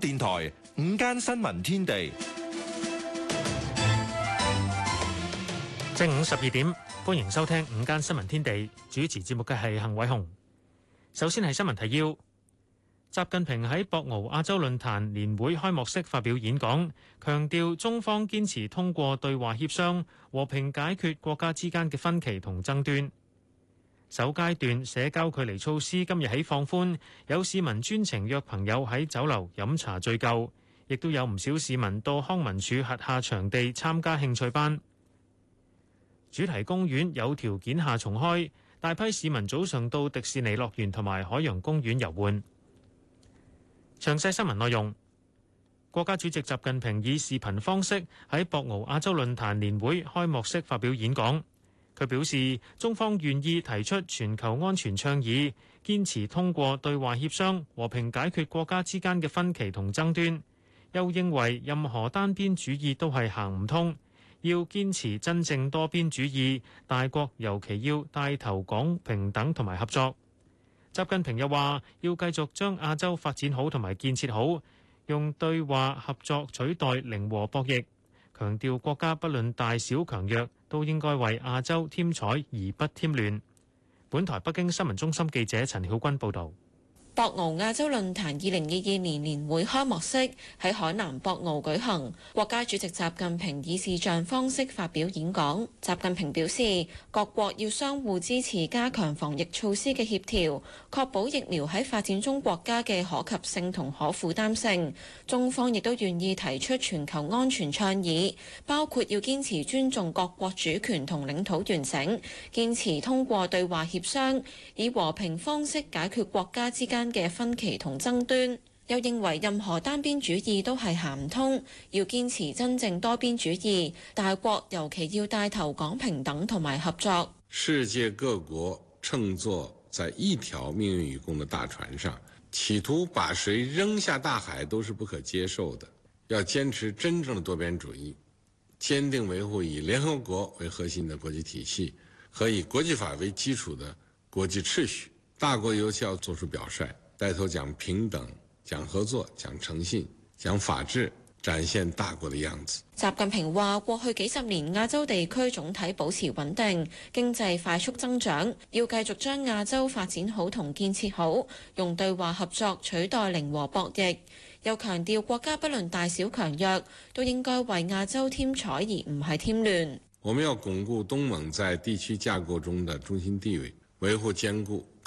電台午間新聞天地，正午十二點，歡迎收聽午間新聞天地主持節目嘅係幸偉雄。首先係新聞提要：習近平喺博鰲亞洲論壇年會開幕式發表演講，強調中方堅持通過對話協商和平解決國家之間嘅分歧同爭端。首階段社交距離措施今日起放寬，有市民專程約朋友喺酒樓飲茶聚舊，亦都有唔少市民到康文署轄下場地參加興趣班。主題公園有條件下重開，大批市民早上到迪士尼樂園同埋海洋公園遊玩。詳細新聞內容，國家主席習近平以視頻方式喺博鰲亞洲論壇年會開幕式發表演講。佢表示，中方願意提出全球安全倡議，堅持通過對話協商和平解決國家之間嘅分歧同爭端。又認為任何單邊主義都係行唔通，要堅持真正多邊主義，大國尤其要帶頭講平等同埋合作。習近平又話，要繼續將亞洲發展好同埋建設好，用對話合作取代零和博弈。強調國家不論大小強弱，都應該為亞洲添彩而不添亂。本台北京新聞中心記者陳曉君報導。博鰲亞洲論壇二零二二年年會開幕式喺海南博鰲舉行，國家主席習近平以視像方式發表演講。習近平表示，各國要相互支持，加強防疫措施嘅協調，確保疫苗喺發展中國家嘅可及性同可負擔性。中方亦都願意提出全球安全倡議，包括要堅持尊重各國主權同領土完整，堅持通過對話協商，以和平方式解決國家之間。嘅分歧同爭端，又認為任何單邊主義都係行唔通，要堅持真正多邊主義，大國尤其要帶頭講平等同埋合作。世界各國乘坐在一條命運與共的大船上，企圖把誰扔下大海都是不可接受的。要堅持真正的多邊主義，堅定維護以聯合國為核心的國際體系，和以國際法為基礎的國際秩序。大國尤其要做出表率，帶頭講平等、講合作、講誠信、講法治，展現大國的樣子。習近平話：過去幾十年，亞洲地區總體保持穩定，經濟快速增長。要繼續將亞洲發展好同建設好，用對話合作取代零和博弈。又強調，國家不論大小強弱，都應該為亞洲添彩而唔係添亂。我們要鞏固東盟在地區架構中的中心地位，維護堅固。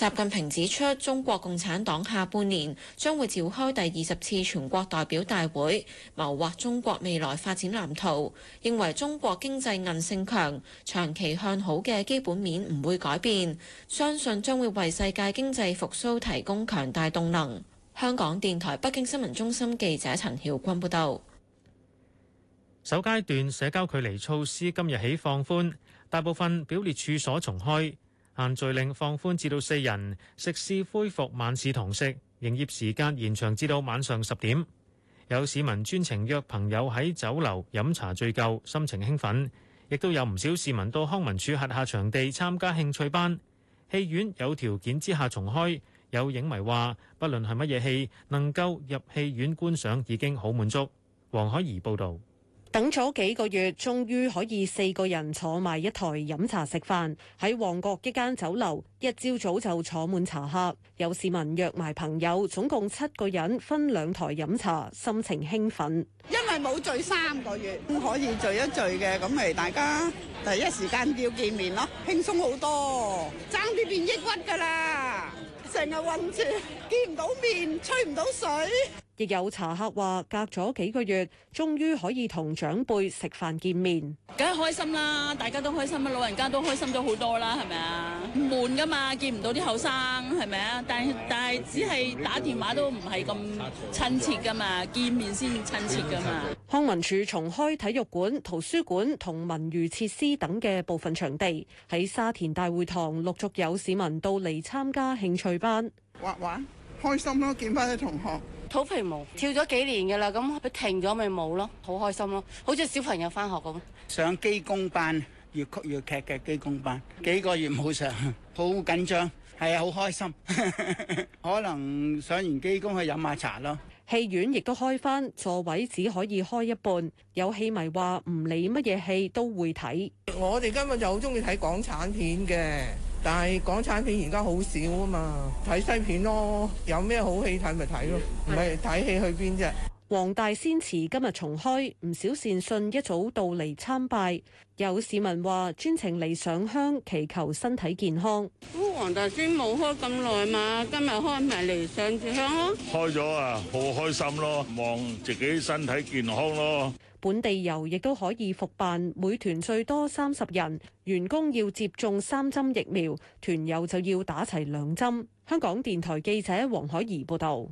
習近平指出，中國共產黨下半年將會召開第二十次全國代表大會，謀劃中國未來發展藍圖。認為中國經濟韌性強，長期向好嘅基本面唔會改變，相信將會為世界經濟復甦提供強大動能。香港電台北京新聞中心記者陳曉君報導。首階段社交距離措施今日起放寬，大部分表列處所重開。限聚令放寬至到四人，食肆恢復晚市堂食，營業時間延長至到晚上十點，有市民專程約朋友喺酒樓飲茶聚舊心情興奮，亦都有唔少市民到康文署轄下場地參加興趣班。戲院有條件之下重開，有影迷話不論係乜嘢戲能夠入戲院觀賞已經好滿足。黃海怡報道。等咗幾個月，終於可以四個人坐埋一枱飲茶食飯。喺旺角一間酒樓，一朝早就坐滿茶客。有市民約埋朋友，總共七個人分兩枱飲茶，心情興奮。因為冇聚三個月，可以聚一聚嘅，咁咪大家第一時間要見面咯，輕鬆好多。爭啲變抑鬱㗎啦，成日鬱住，見唔到面，吹唔到水。亦有茶客話，隔咗幾個月，終於可以同長輩食飯見面，梗係開心啦！大家都開心啦，老人家都開心咗好多啦，係咪啊？悶噶嘛，見唔到啲後生，係咪啊？但係但係只係打電話都唔係咁親切噶嘛，見面先親切噶嘛。康文署重開體育館、圖書館同文娛設施等嘅部分場地，喺沙田大會堂陸續有市民到嚟參加興趣班，畫畫。開心咯、啊，見翻啲同學。肚皮舞跳咗幾年嘅啦，咁佢停咗咪冇咯，好開心咯，好似小朋友翻學咁。上基功班，粵曲粵劇嘅基功班，幾個月冇上，好緊張，係啊，好開心。 可能上完基功去飲下茶咯。戲院亦都開翻，座位只可以開一半。有戲迷話唔理乜嘢戲都會睇。我哋根本就好中意睇港產片嘅。但係港產片而家好少啊嘛，睇西片咯，有咩好戲睇咪睇咯，唔係睇戲去邊啫？黃大仙祠今日重開，唔少善信一早到嚟參拜，有市民話專程嚟上香祈求身體健康。咁黃大仙冇開咁耐嘛，今日開埋嚟上柱香咯。開咗啊，好開心咯，望自己身體健康咯。本地遊亦都可以復辦，每團最多三十人。員工要接種三針疫苗，團友就要打齊兩針。香港電台記者黃海怡報道。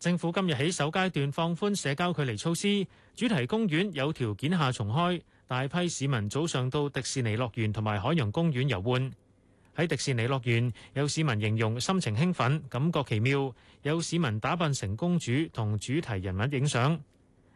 政府今日起首階段放寬社交距離措施，主題公園有條件下重開，大批市民早上到迪士尼樂園同埋海洋公園遊玩。喺迪士尼樂園，有市民形容心情興奮，感覺奇妙。有市民打扮成公主同主題人物影相。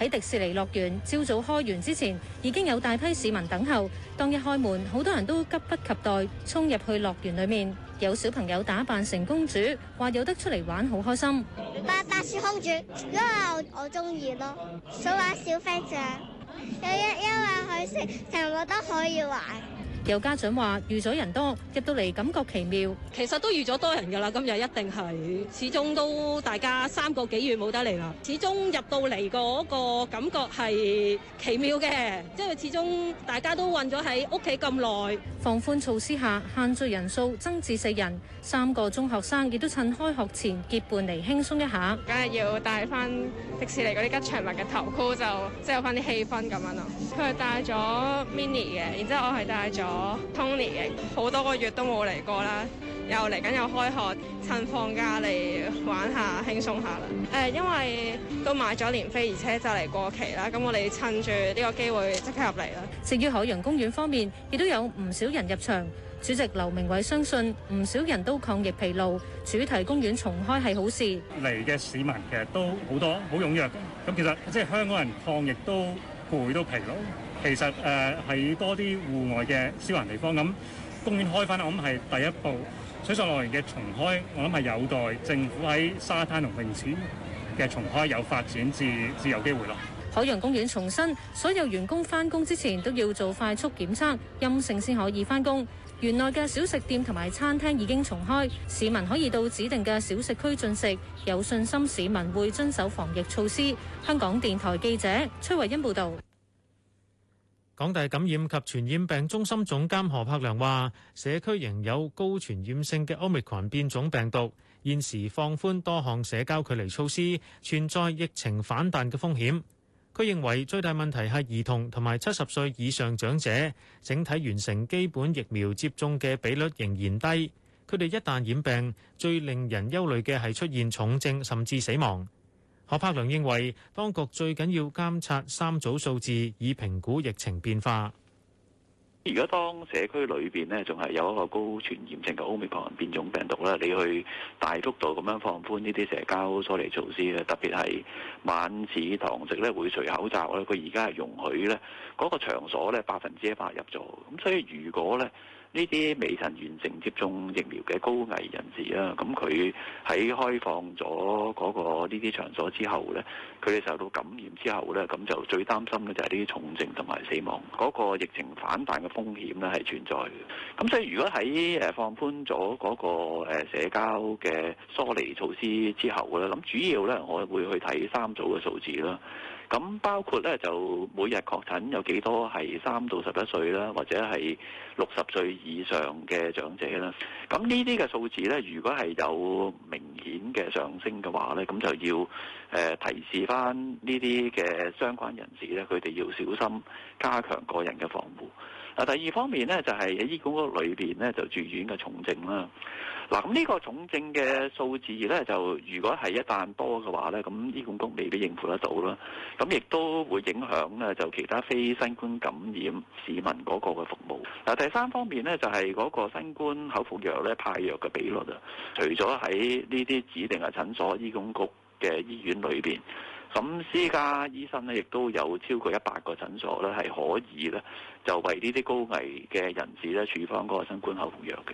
喺迪士尼樂園，朝早開園之前，已經有大批市民等候。當日開門，好多人都急不及待衝入去樂園裏面。有小朋友打扮成公主，話有得出嚟玩好開心。扮白雪公主，因為我我中意咯。想玩小飛象，因因為佢識，全部都可以玩。有家長話預咗人多入到嚟感覺奇妙，其實都預咗多人㗎啦，今日一定係始終都大家三個幾月冇得嚟啦，始終入到嚟嗰個感覺係奇妙嘅，因為始終大家都困咗喺屋企咁耐。放寬措施下，限聚人數增至四人，三個中學生亦都趁開學前結伴嚟輕鬆一下。梗係要帶翻迪士尼嗰啲吉祥物嘅頭箍，就即係有翻啲氣氛咁樣咯。佢係戴咗 mini 嘅，然之後我係戴咗。我通年好多個月都冇嚟過啦，又嚟緊又開學，趁放假嚟玩下，輕鬆下啦。誒，因為都買咗年飛，而且就嚟過期啦，咁我哋趁住呢個機會即刻入嚟啦。至於海洋公園方面，亦都有唔少人入場。主席劉明偉相信，唔少人都抗疫疲勞，主題公園重開係好事。嚟嘅市民其實都好多，好踴躍。咁其實即係香港人抗疫都攰到疲勞。其實誒喺多啲戶外嘅消閒地方，咁公園開翻，我諗係第一步。水上樂園嘅重開，我諗係有待政府喺沙灘同泳池嘅重開有發展，至自由機會咯。海洋公園重申，所有員工翻工之前都要做快速檢測，陰性先可以翻工。園內嘅小食店同埋餐廳已經重開，市民可以到指定嘅小食區進食。有信心市民會遵守防疫措施。香港電台記者崔慧欣報道。港大感染及傳染病中心總監何柏良話：社區仍有高傳染性嘅奧密克戎變種病毒，現時放寬多項社交距離措施，存在疫情反彈嘅風險。佢認為最大問題係兒童同埋七十歲以上長者，整體完成基本疫苗接種嘅比率仍然低。佢哋一旦染病，最令人憂慮嘅係出現重症甚至死亡。何柏良認為，當局最緊要監察三組數字，以評估疫情變化。如果當社區裏邊咧，仲係有一個高傳染性嘅奧密克戎變種病毒咧，你去大幅度咁樣放寬呢啲社交疏離措施咧，特別係晚市堂食咧，會除口罩咧，佢而家係容許咧，嗰個場所咧，百分之一百入座。咁所以如果咧，呢啲未曾完成接種疫苗嘅高危人士啦，咁佢喺開放咗嗰個呢啲場所之後咧，佢哋受到感染之後咧，咁就最擔心嘅就係呢啲重症同埋死亡，嗰個疫情反彈嘅風險咧係存在嘅。咁所以如果喺誒放寬咗嗰個誒社交嘅疏離措施之後咧，咁主要咧我會去睇三組嘅數字啦。咁包括咧就每日確診有幾多係三到十一歲啦，或者係六十歲以上嘅長者啦。咁呢啲嘅數字咧，如果係有明顯嘅上升嘅話咧，咁就要誒提示返呢啲嘅相關人士咧，佢哋要小心加強個人嘅防護。啊，第二方面咧就係喺醫管局裏邊咧就住院嘅重症啦。嗱，咁呢個重症嘅數字咧就如果係一旦多嘅話咧，咁醫管局未必應付得到啦。咁亦都會影響咧就其他非新冠感染市民嗰個嘅服務。嗱，第三方面咧就係嗰個新冠口服藥咧派藥嘅比率啊。除咗喺呢啲指定嘅診所、醫管局嘅醫院裏邊。咁私家醫生呢，亦都有超過一百個診所咧，係可以咧就為呢啲高危嘅人士咧處方嗰個新冠口服藥嘅。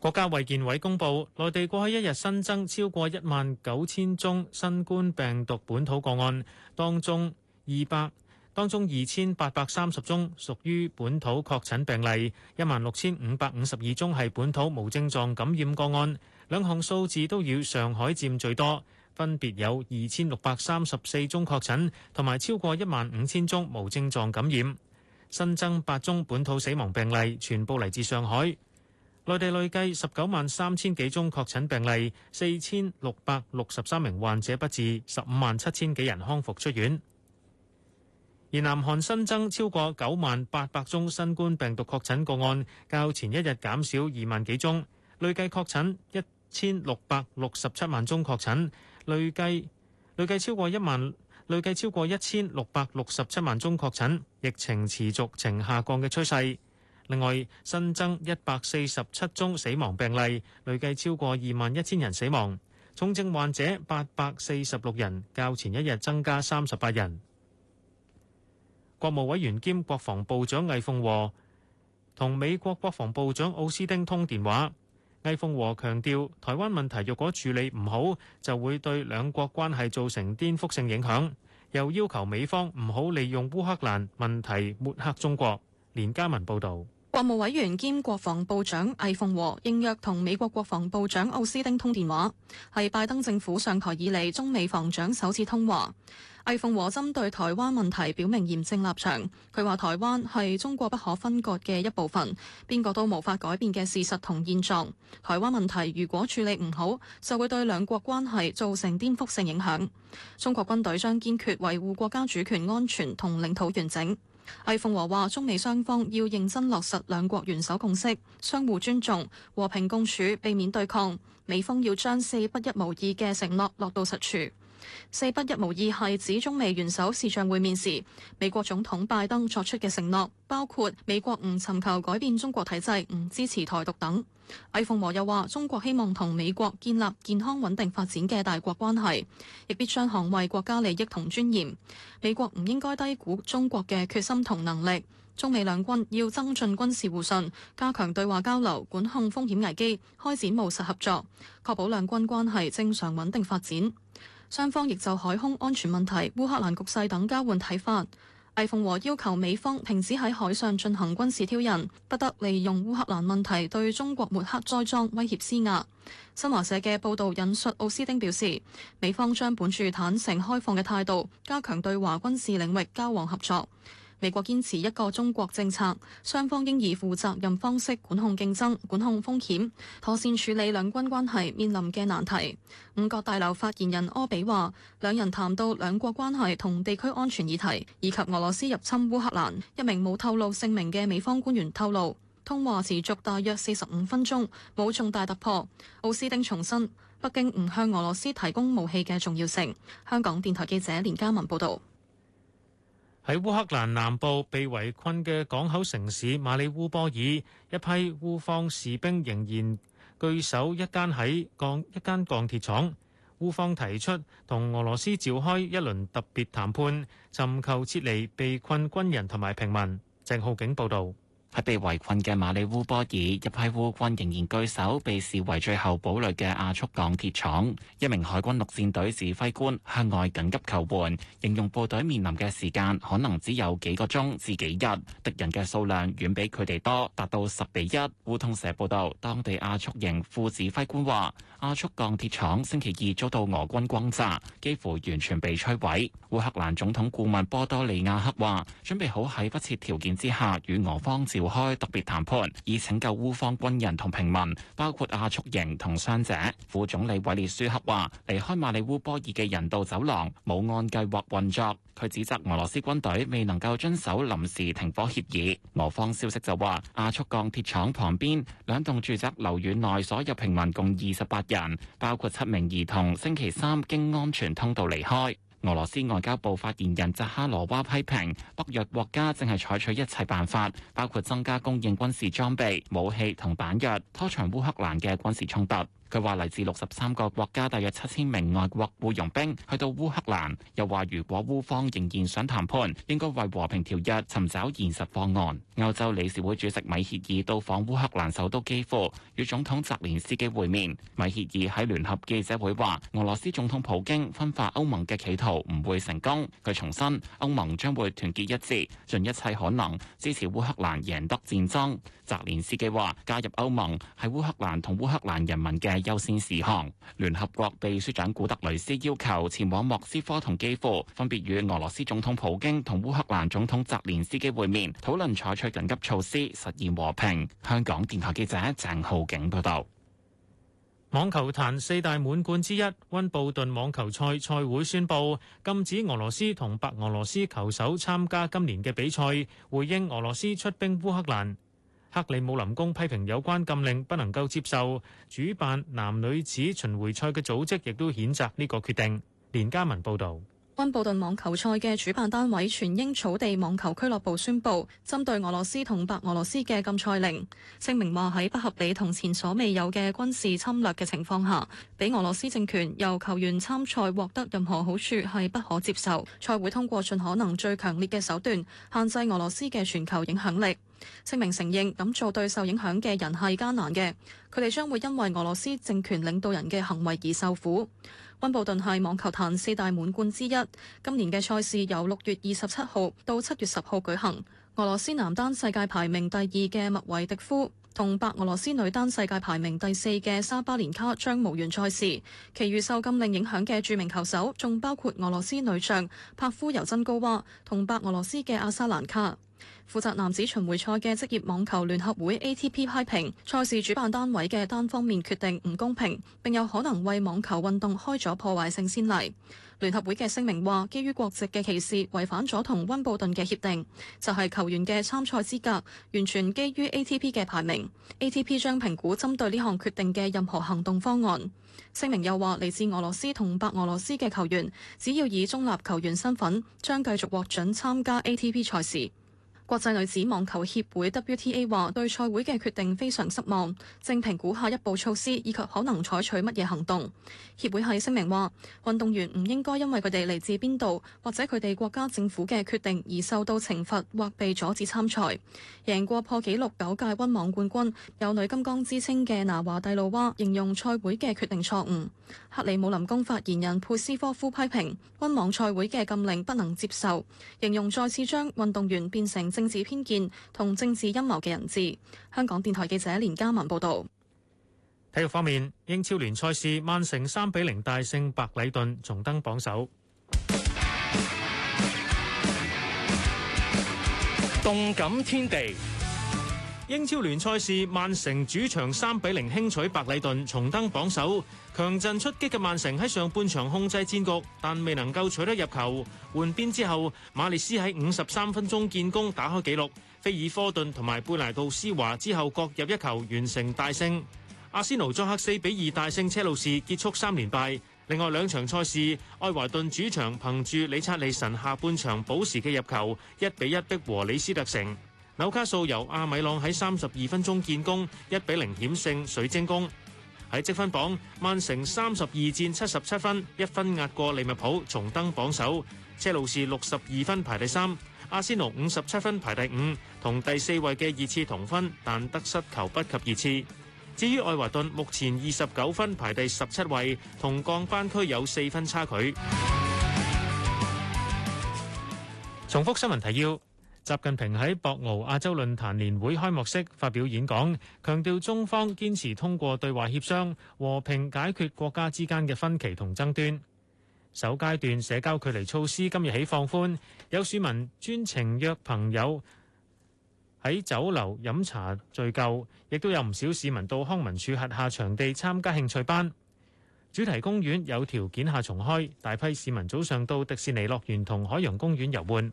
國家衛健委公布，內地過去一日新增超過一萬九千宗新冠病毒本土個案，當中二百，當中二千八百三十宗屬於本土確診病例，一萬六千五百五十二宗係本土無症狀感染個案，兩項數字都要上海佔最多。分別有二千六百三十四宗確診，同埋超過一萬五千宗無症狀感染。新增八宗本土死亡病例，全部嚟自上海。內地累計十九萬三千幾宗確診病例，四千六百六十三名患者不治，十五萬七千幾人康復出院。而南韓新增超過九萬八百宗新冠病毒確診個案，較前一日減少二萬幾宗，累計確診一千六百六十七萬宗確診。累計累計超過一萬，累計超過一千六百六十七萬宗確診，疫情持續呈下降嘅趨勢。另外新增一百四十七宗死亡病例，累計超過二萬一千人死亡。重症患者八百四十六人，較前一日增加三十八人。國務委員兼國防部長魏鳳和同美國國防部長奧斯汀通電話。魏鳳和強調，台灣問題若果處理唔好，就會對兩國關係造成顛覆性影響。又要求美方唔好利用烏克蘭問題抹黑中國。連家文報導。國務委員兼國防部長魏鳳和應約同美國國防部長奧斯汀通電話，係拜登政府上台以嚟中美防長首次通話。魏鳳和針對台灣問題表明嚴正立場，佢話台灣係中國不可分割嘅一部分，邊個都無法改變嘅事實同現狀。台灣問題如果處理唔好，就會對兩國關係造成顛覆性影響。中國軍隊將堅決維護國家主權、安全同領土完整。魏鳳和話：中美雙方要認真落實兩國元首共識，相互尊重，和平共處，避免對抗。美方要將四不一無二嘅承諾落到實處。四不一無二，係指中美元首視像會面時，美國總統拜登作出嘅承諾，包括美國唔尋求改變中國體制、唔支持台獨等。魏鳳和又話：中國希望同美國建立健康穩定發展嘅大國關係，亦必將捍衞國家利益同尊嚴。美國唔應該低估中國嘅決心同能力。中美兩軍要增進軍事互信，加強對話交流，管控風險危機，開展務實合作，確保兩軍關係正常穩定發展。雙方亦就海空安全問題、烏克蘭局勢等交換睇法。魏鳳和要求美方停止喺海上進行軍事挑釁，不得利用烏克蘭問題對中國抹黑栽贓、威脅施壓。新華社嘅報導引述奧斯丁表示，美方將本住坦誠開放嘅態度，加強對華軍事領域交往合作。美國堅持一個中國政策，雙方應以負責任方式管控競爭、管控風險，妥善處理兩軍關係面臨嘅難題。五角大樓發言人柯比話，兩人談到兩國關係同地區安全議題以及俄羅斯入侵烏克蘭。一名冇透露姓名嘅美方官員透露，通話持續大約四十五分鐘，冇重大突破。奧斯汀重申，北京唔向俄羅斯提供武器嘅重要性。香港電台記者連嘉文報導。喺烏克蘭南部被圍困嘅港口城市馬里烏波爾，一批烏方士兵仍然據守一間喺鋼一間鋼鐵廠。烏方提出同俄羅斯召開一輪特別談判，尋求撤離被困軍人同埋平民。鄭浩景報導。喺被圍困嘅馬里烏波爾，一批烏軍仍然據守被視為最後堡壘嘅亞速鋼鐵廠。一名海軍陸戰隊指揮官向外緊急求援，形容部隊面臨嘅時間可能只有幾個鐘至幾日，敵人嘅數量遠比佢哋多，達到十比一。烏通社報導，當地亞速營副指揮官話：亞速鋼鐵廠星期二遭到俄軍轟炸，幾乎完全被摧毀。烏克蘭總統顧問波多利亞克話：準備好喺不設條件之下與俄方照開特別談判，以拯救烏方軍人同平民，包括阿速營同傷者。副總理韋列舒克話，離開馬里烏波爾嘅人道走廊冇按計劃運作。佢指責俄羅斯軍隊未能夠遵守臨時停火協議。俄方消息就話，阿速鋼鐵廠旁邊兩棟住宅樓院內所有平民共二十八人，包括七名兒童，星期三經安全通道離開。俄羅斯外交部發言人扎哈羅娃批評北約國家正係採取一切辦法，包括增加供應軍事裝備、武器同彈藥，拖長烏克蘭嘅軍事衝突。佢話嚟自六十三個國家、大約七千名外國僱傭兵去到烏克蘭。又話如果烏方仍然想談判，應該為和平條約尋找現實方案。歐洲理事會主席米歇爾到訪烏克蘭首都基輔，與總統澤連斯基會面。米歇爾喺聯合記者會話：俄羅斯總統普京分化歐盟嘅企圖唔會成功。佢重申歐盟將會團結一致，盡一切可能支持烏克蘭贏得戰爭。澤連斯基話：加入歐盟係烏克蘭同烏克蘭人民嘅。優先事項。聯合國秘書長古特雷斯要求前往莫斯科同基輔分別與俄羅斯總統普京同烏克蘭總統澤連斯基會面，討論採取緊急措施實現和平。香港電台記者鄭浩景報道。網球壇四大滿貫之一温布頓網球賽賽會宣布禁止俄羅斯同白俄羅斯球手參加今年嘅比賽，回應俄羅斯出兵烏克蘭。克里姆林宮批評有關禁令不能夠接受，主辦男女子巡回賽嘅組織亦都譴責呢個決定。連家文報導，温布頓網球賽嘅主辦單位全英草地網球俱樂部宣布，針對俄羅斯同白俄羅斯嘅禁賽令，聲明話喺不合理同前所未有嘅軍事侵略嘅情況下，俾俄羅斯政權由球員參賽獲得任何好處係不可接受，賽會通過盡可能最強烈嘅手段限制俄羅斯嘅全球影響力。聲明承認咁做對受影響嘅人係艱難嘅，佢哋將會因為俄羅斯政權領導人嘅行為而受苦。温布頓係網球壇四大滿貫之一，今年嘅賽事由六月二十七號到七月十號舉行。俄羅斯男單世界排名第二嘅麥維迪夫同白俄羅斯女單世界排名第四嘅沙巴連卡將無緣賽事。其餘受禁令影響嘅著名球手仲包括俄羅斯女將帕夫尤珍高娃同白俄羅斯嘅阿沙蘭卡。負責男子巡迴賽嘅職業網球聯合會 A.T.P. 批評賽事主辦單位嘅單方面決定唔公平，並有可能為網球運動開咗破壞性先例。聯合會嘅聲明話，基於國籍嘅歧視違反咗同温布頓嘅協定，就係、是、球員嘅參賽資格完全基於 A.T.P. 嘅排名。A.T.P. 將評估針對呢項決定嘅任何行動方案。聲明又話，嚟自俄羅斯同白俄羅斯嘅球員，只要以中立球員身份，將繼續獲准參加 A.T.P. 賽事。國際女子網球協會 WTA 話對賽會嘅決定非常失望，正評估下一步措施以及可能採取乜嘢行動。協會喺聲明話：運動員唔應該因為佢哋嚟自邊度或者佢哋國家政府嘅決定而受到懲罰或被阻止參賽。贏過破紀錄九屆温網冠軍、有女金剛之稱嘅拿華蒂露娃形容賽會嘅決定錯誤。克里姆林宮發言人佩斯科夫批評温網賽會嘅禁令不能接受，形容再次將運動員變成政治偏見同政治陰謀嘅人質。香港電台記者連家文報道。體育方面，英超聯賽事曼城三比零大勝白禮頓，重登榜首。動感天地。英超聯賽是曼城主場三比零輕取白禮頓，重登榜首。強陣出擊嘅曼城喺上半場控制戰局，但未能夠取得入球。換邊之後，馬利斯喺五十三分鐘建功打開紀錄。菲爾科頓同埋貝拿度斯華之後各入一球，完成大勝。阿仙奴作客四比二大勝車路士，結束三連敗。另外兩場賽事，愛華頓主場憑住李察利神下半場補時嘅入球，一比一逼和李斯特城。紐卡素由阿米朗喺三十二分鐘建功，一比零險勝水晶宮。喺積分榜，曼城三十二戰七十七分，一分壓過利物浦，重登榜首。車路士六十二分排第三，阿仙奴五十七分排第五，同第四位嘅熱刺同分，但得失球不及熱刺。至於愛華頓，目前二十九分排第十七位，同降班區有四分差距。重複新聞提要。習近平喺博鰲亞洲論壇年會開幕式發表演講，強調中方堅持通過對話協商和平解決國家之間嘅分歧同爭端。首階段社交距離措施今日起放寬，有市民專程約朋友喺酒樓飲茶聚舊，亦都有唔少市民到康文署轄下場地參加興趣班。主題公園有條件下重開，大批市民早上到迪士尼樂園同海洋公園遊玩。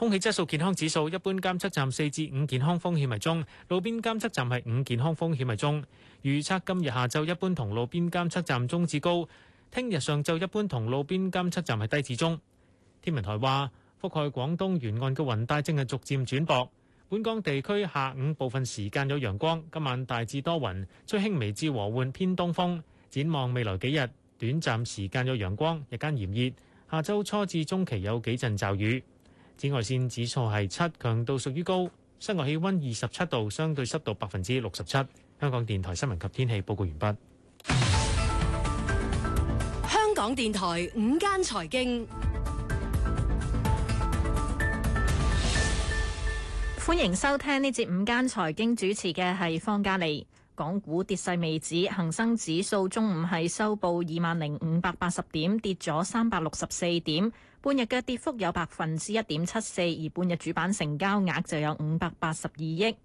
空氣質素健康指數，一般監測站四至五，健康風險係中；路邊監測站係五，健康風險係中。預測今日下晝一般同路邊監測站中至高，聽日上晝一般同路邊監測站係低至中。天文台話，覆蓋廣東沿岸嘅雲帶正係逐漸轉薄。本港地區下午部分時間有陽光，今晚大致多雲，吹輕微至和緩偏東風。展望未來幾日，短暫時間有陽光，日間炎熱。下周初至中期有幾陣驟雨。紫外線指數係七，強度屬於高。室外氣温二十七度，相對濕度百分之六十七。香港電台新聞及天氣報告完畢。香港電台午間財經，歡迎收聽呢節午間財經主持嘅係方嘉利。港股跌勢未止，恒生指數中午係收報二萬零五百八十點，跌咗三百六十四點。半日嘅跌幅有百分之一點七四，而半日主板成交額就有五百八十二億。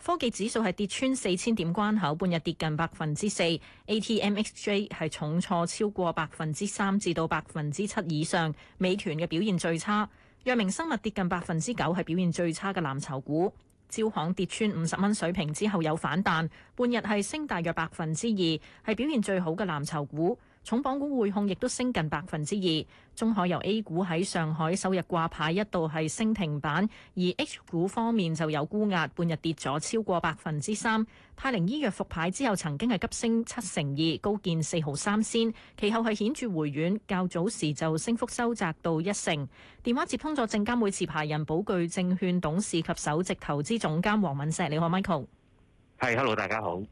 科技指數係跌穿四千點關口，半日跌近百分之四。ATMXJ 係重挫超過百分之三至到百分之七以上。美團嘅表現最差，藥明生物跌近百分之九，係表現最差嘅藍籌股。招行跌穿五十蚊水平之後有反彈，半日係升大約百分之二，係表現最好嘅藍籌股。重磅股匯控亦都升近百分之二，中海油 A 股喺上海首日掛牌一度係升停板，而 H 股方面就有沽壓，半日跌咗超過百分之三。泰凌醫藥復牌之後曾經係急升七成二，高見四毫三仙，其後係顯著回軟，較早時就升幅收窄到一成。電話接通咗證監會持牌人保具證券董事及首席投資總監黃敏石，你好 Michael。係，hey, hello 大家好。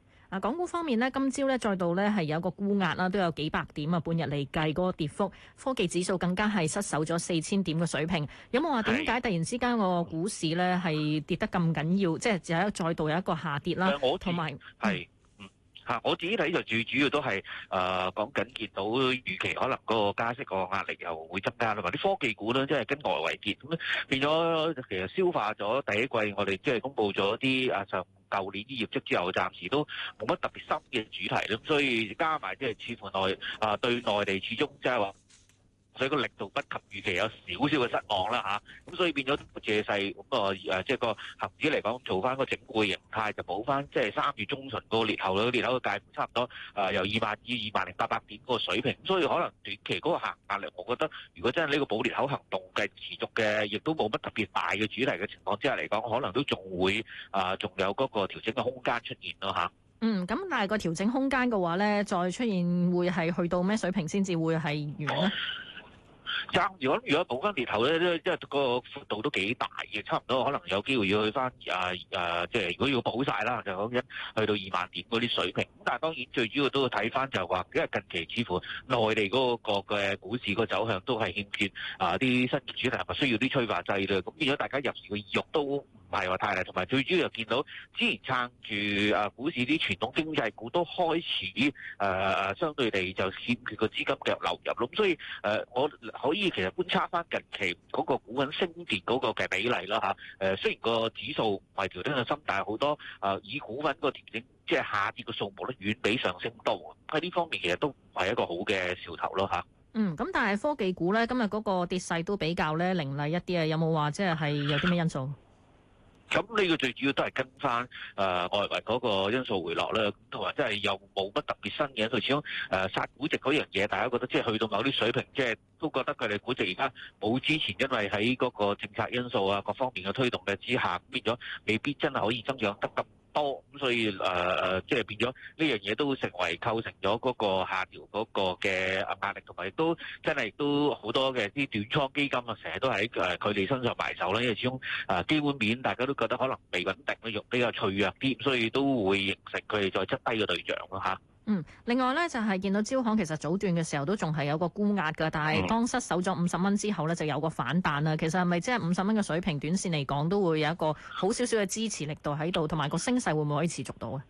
港股方面咧，今朝咧再度咧係有個沽壓啦，都有幾百點啊，半日嚟計嗰個跌幅，科技指數更加係失守咗四千點嘅水平。有冇話點解突然之間個股市咧係跌得咁緊要？即係又再度有一個下跌啦，同埋。有嚇！我自己睇就最主要都係誒講緊見到預期可能嗰個加息個壓力又會增加，啦嘛啲科技股咧，即係跟外圍結咁變咗，其實消化咗第一季我哋即係公布咗啲啊就舊年啲業績之後，暫時都冇乜特別深嘅主題咯，咁所以加埋即係似乎內啊，對內地始終即係話。所以個力度不及預期，有少少嘅失望啦吓，咁、啊、所以變咗借勢咁、嗯、啊誒，即、就、係、是、個恒指嚟講做翻個整固形態，就補翻即係三月中旬個裂口咯。裂口嘅界差唔多誒，由二萬二至二萬零八百點嗰個水平，所以可能短期嗰個下壓力，我覺得如果真係呢個補裂口行動繼續嘅，亦都冇乜特別大嘅主題嘅情況之下嚟講，可能都仲會啊，仲有嗰個調整嘅空間出現咯吓，啊、嗯，咁但係個調整空間嘅話咧，再出現會係去到咩水平先至會係完咧？嗯爭如果如果補翻跌頭咧，即係個幅度都幾大嘅，差唔多可能有機會要去翻啊啊！即、啊、係如果要補晒啦，就咁樣去到二萬點嗰啲水平。但係當然最主要都要睇翻就係話，因為近期似乎內地嗰個嘅股市個走向都係欠缺啊啲新主題，係咪需要啲催化劑咧？咁變咗大家入市嘅意欲都。係話太啦，同埋最主要又見到，之前撐住誒股市啲傳統經濟股都開始誒誒、呃、相對地就欠缺個資金嘅流入。咁所以誒、呃、我可以其實觀察翻近期嗰個股份升跌嗰個嘅比例啦吓誒。雖然個指數係調得個深，但係好多誒、啊、以股份個調整即係、就是、下跌嘅數目咧遠比上升多。喺呢方面其實都唔係一個好嘅兆頭咯吓。啊、嗯，咁但係科技股咧今日嗰個跌勢都比較咧凌厲一啲啊。有冇話即係係有啲咩、就是、因素？ 咁呢個最主要都係跟翻誒外圍嗰個因素回落啦，同埋真係又冇乜特別新嘢，所以始終誒殺估值嗰樣嘢，大家覺得即係去到某啲水平，即係都覺得佢哋估值而家冇之前，因為喺嗰個政策因素啊各方面嘅推動嘅之下，變咗未必真係可以增長得咁多咁，所以誒誒、呃呃，即係變咗呢樣嘢都會成為構成咗嗰個下調嗰個嘅壓力，同埋亦都真係都好多嘅啲短倉基金啊，成日都喺誒佢哋身上埋手啦，因為始終誒基本面大家都覺得可能未穩定咯，又比較脆弱啲，所以都會形成佢哋再執低嘅對象咯嚇。嗯，另外呢，就係、是、見到招行其實早段嘅時候都仲係有個沽壓嘅，但係當失守咗五十蚊之後呢，就有個反彈啦。其實係咪即係五十蚊嘅水平，短線嚟講都會有一個好少少嘅支持力度喺度，同埋個升勢會唔會可以持續到啊？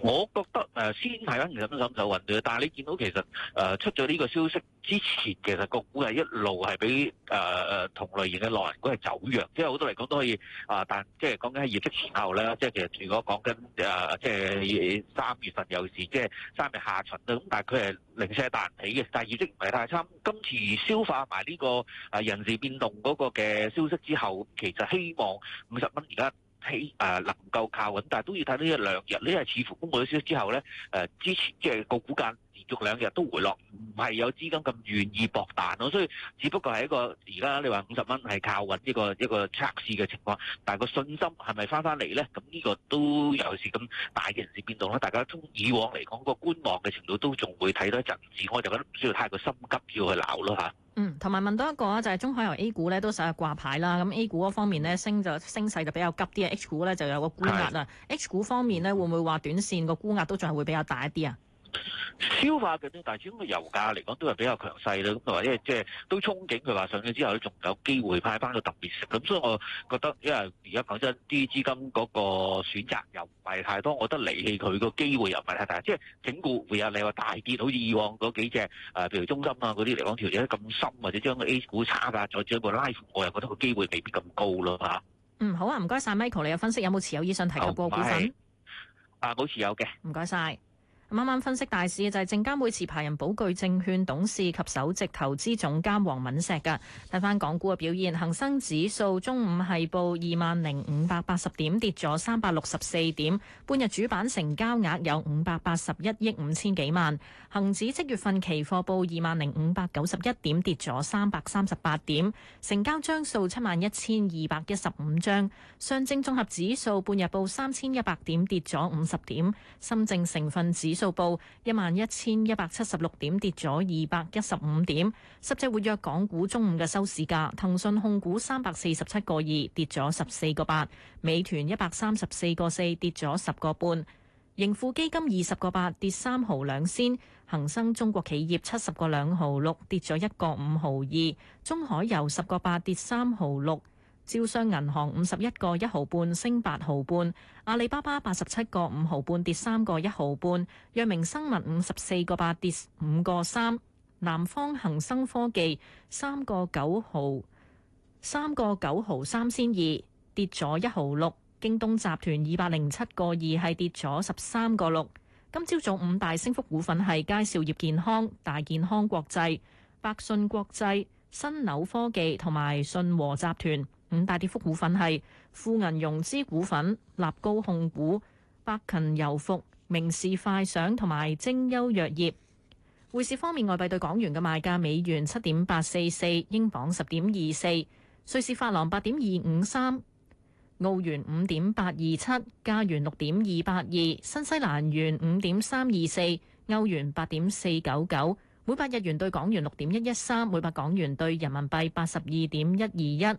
我覺得誒，先係一件咁嘅手云嘅，但係你見到其實誒、呃、出咗呢個消息之前，其實個股係一路係比誒誒同類型嘅內銀股係走弱，即係好多嚟講都可以、呃、啊。但即係講緊喺業績前後咧，即係其實如果講緊誒即係三月份有時，即係三月下旬啦。咁但係佢係零舍彈起嘅，但係業績唔係太差。今次消化埋呢個誒人事變動嗰個嘅消息之後，其實希望五十蚊而家。起誒，能夠靠穩，但係都要睇呢一兩日。呢係似乎公布咗消息之後咧，誒之前即係個股價，連續兩日都回落，唔係有資金咁願意搏彈咯，所以只不過係一個而家你話五十蚊係靠揾一個一個測試嘅情況，但係個信心係咪翻返嚟咧？咁呢個都有時咁大嘅人事變動啦。大家從以往嚟講個觀望嘅程度都仲會睇到一陣子，我就覺得唔需要太過心急要去鬧咯嚇。嗯，同埋問到一個啊，就係、是、中海油 A 股咧都成日掛牌啦，咁 A 股嗰方面咧升就升勢就比較急啲啊，H 股咧就有個沽壓啦。的 H 股方面咧會唔會話短線個沽壓都仲係會比較大一啲啊？消化嘅咧，但係始終個油價嚟講都係比較強勢啦。咁同埋，因為即係都憧憬佢話上去之後，咧仲有機會派翻個特別息。咁所以我覺得，因為而家講真，啲資金嗰個選擇又唔係太多，我覺得離棄佢個機會又唔係太大。即係整固會有你話大跌，好似以往嗰幾隻譬如中心啊嗰啲嚟講調整得咁深，或者將 A 股差噶、啊，再進一步拉幅，我又覺得個機會未必咁高咯嚇。嗯，好啊，唔該晒。Michael，你有分析有冇持有以上提及過嘅股份？啊，冇持有嘅。唔該晒。晚晚分析大市嘅就係證監會持牌人保具證券董事及首席投資總監黃敏石噶。睇翻港股嘅表現，恒生指數中午係報二萬零五百八十點，跌咗三百六十四點。半日主板成交額有五百八十一億五千幾萬。恒指即月份期貨報二萬零五百九十一點，跌咗三百三十八點。成交張數七萬一千二百一十五張。上證綜合指數半日報三千一百點，跌咗五十點。深證成分指數。報一萬一千一百七十六點，跌咗二百一十五點。十隻活躍港股中午嘅收市價，騰訊控股三百四十七個二，跌咗十四個八；美團一百三十四個四，跌咗十個半；盈富基金二十個八，跌三毫兩仙，恒生中國企業七十個兩毫六，跌咗一個五毫二；中海油十個八，跌三毫六。招商銀行五十一個一毫半升八毫半，阿里巴巴八十七個五毫半跌三個一毫半，藥明生物五十四個八跌五個三，南方恒生科技三個九毫三個九毫三仙二跌咗一毫六，京東集團二百零七個二係跌咗十三個六。今朝早五大升幅股份係佳兆業健康、大健康國際、百信國際、新紐科技同埋信和集團。五大跌幅股份係富銀融資股份、立高控股、百勤油服、明視快想同埋精優藥業。匯市方面，外幣對港元嘅賣價：美元七點八四四，英鎊十點二四，瑞士法郎八點二五三，澳元五點八二七，加元六點二八二，新西蘭元五點三二四，歐元八點四九九，每百日元對港元六點一一三，每百港元對人民幣八十二點一二一。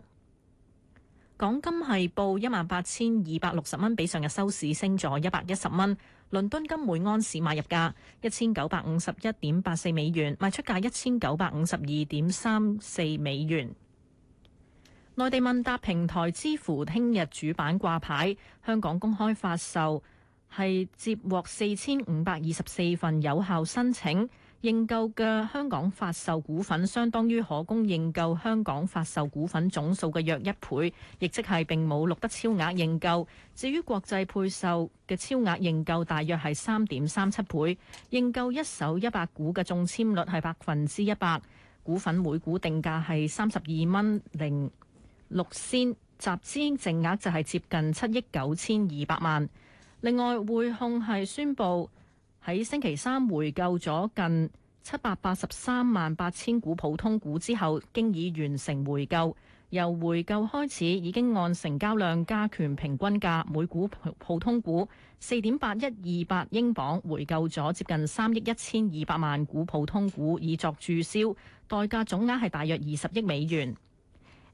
港金係報一萬八千二百六十蚊，比上日收市升咗一百一十蚊。倫敦金每盎司買入價一千九百五十一點八四美元，賣出價一千九百五十二點三四美元。內地問答平台知乎聽日主板掛牌，香港公開發售係接獲四千五百二十四份有效申請。認購嘅香港發售股份相當於可供認購香港發售股份總數嘅約一倍，亦即係並冇錄得超額認購。至於國際配售嘅超額認購大約係三點三七倍。認購一手一百股嘅中簽率係百分之一百，股份每股定價係三十二蚊零六仙，集資淨額就係接近七億九千二百萬。另外，匯控係宣布。喺星期三回購咗近七百八十三萬八千股普通股之後，經已完成回購。由回購開始，已經按成交量加權平均價每股普通股四點八一二八英鎊回購咗接近三億一千二百萬股普通股，以作註銷，代價總額係大約二十億美元。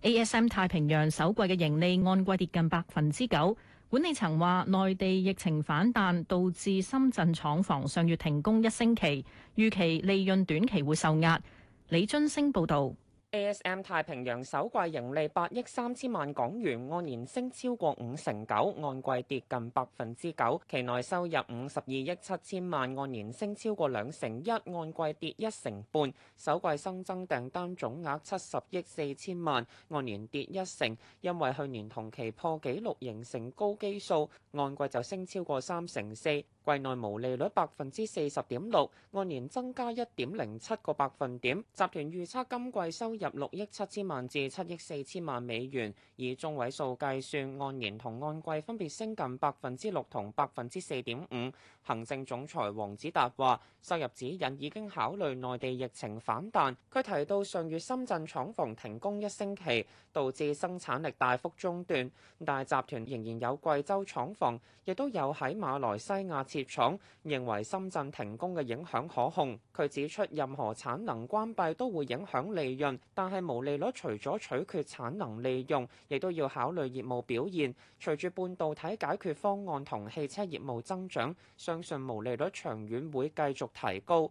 ASM 太平洋首季嘅盈利按季跌近百分之九。管理層話，內地疫情反彈導致深圳廠房上月停工一星期，預期利潤短期會受壓。李津升報道。ASM 太平洋首季盈利八億三千萬港元，按年升超過五成九，按季跌近百分之九。期內收入五十二億七千萬，按年升超過兩成一，按季跌一成半。首季新增訂單總額七十億四千萬，按年跌一成，因為去年同期破紀錄形成高基數，按季就升超過三成四。季內毛利率百分之四十點六，按年增加一點零七個百分點。集團預測今季收入六億七千萬至七億四千萬美元，以中位數計算，按年同按季分別升近百分之六同百分之四點五。行政總裁黃子達話：收入指引已經考慮內地疫情反彈。佢提到上月深圳廠房停工一星期，導致生產力大幅中斷，但集團仍然有貴州廠房，亦都有喺馬來西亞設廠，認為深圳停工嘅影響可控。佢指出，任何產能關閉都會影響利潤。但係毛利率除咗取決產能利用，亦都要考慮業務表現，隨住半導體解決方案同汽車業務增長，相信毛利率長遠會繼續提高。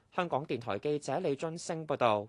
香港電台記者李俊升報道。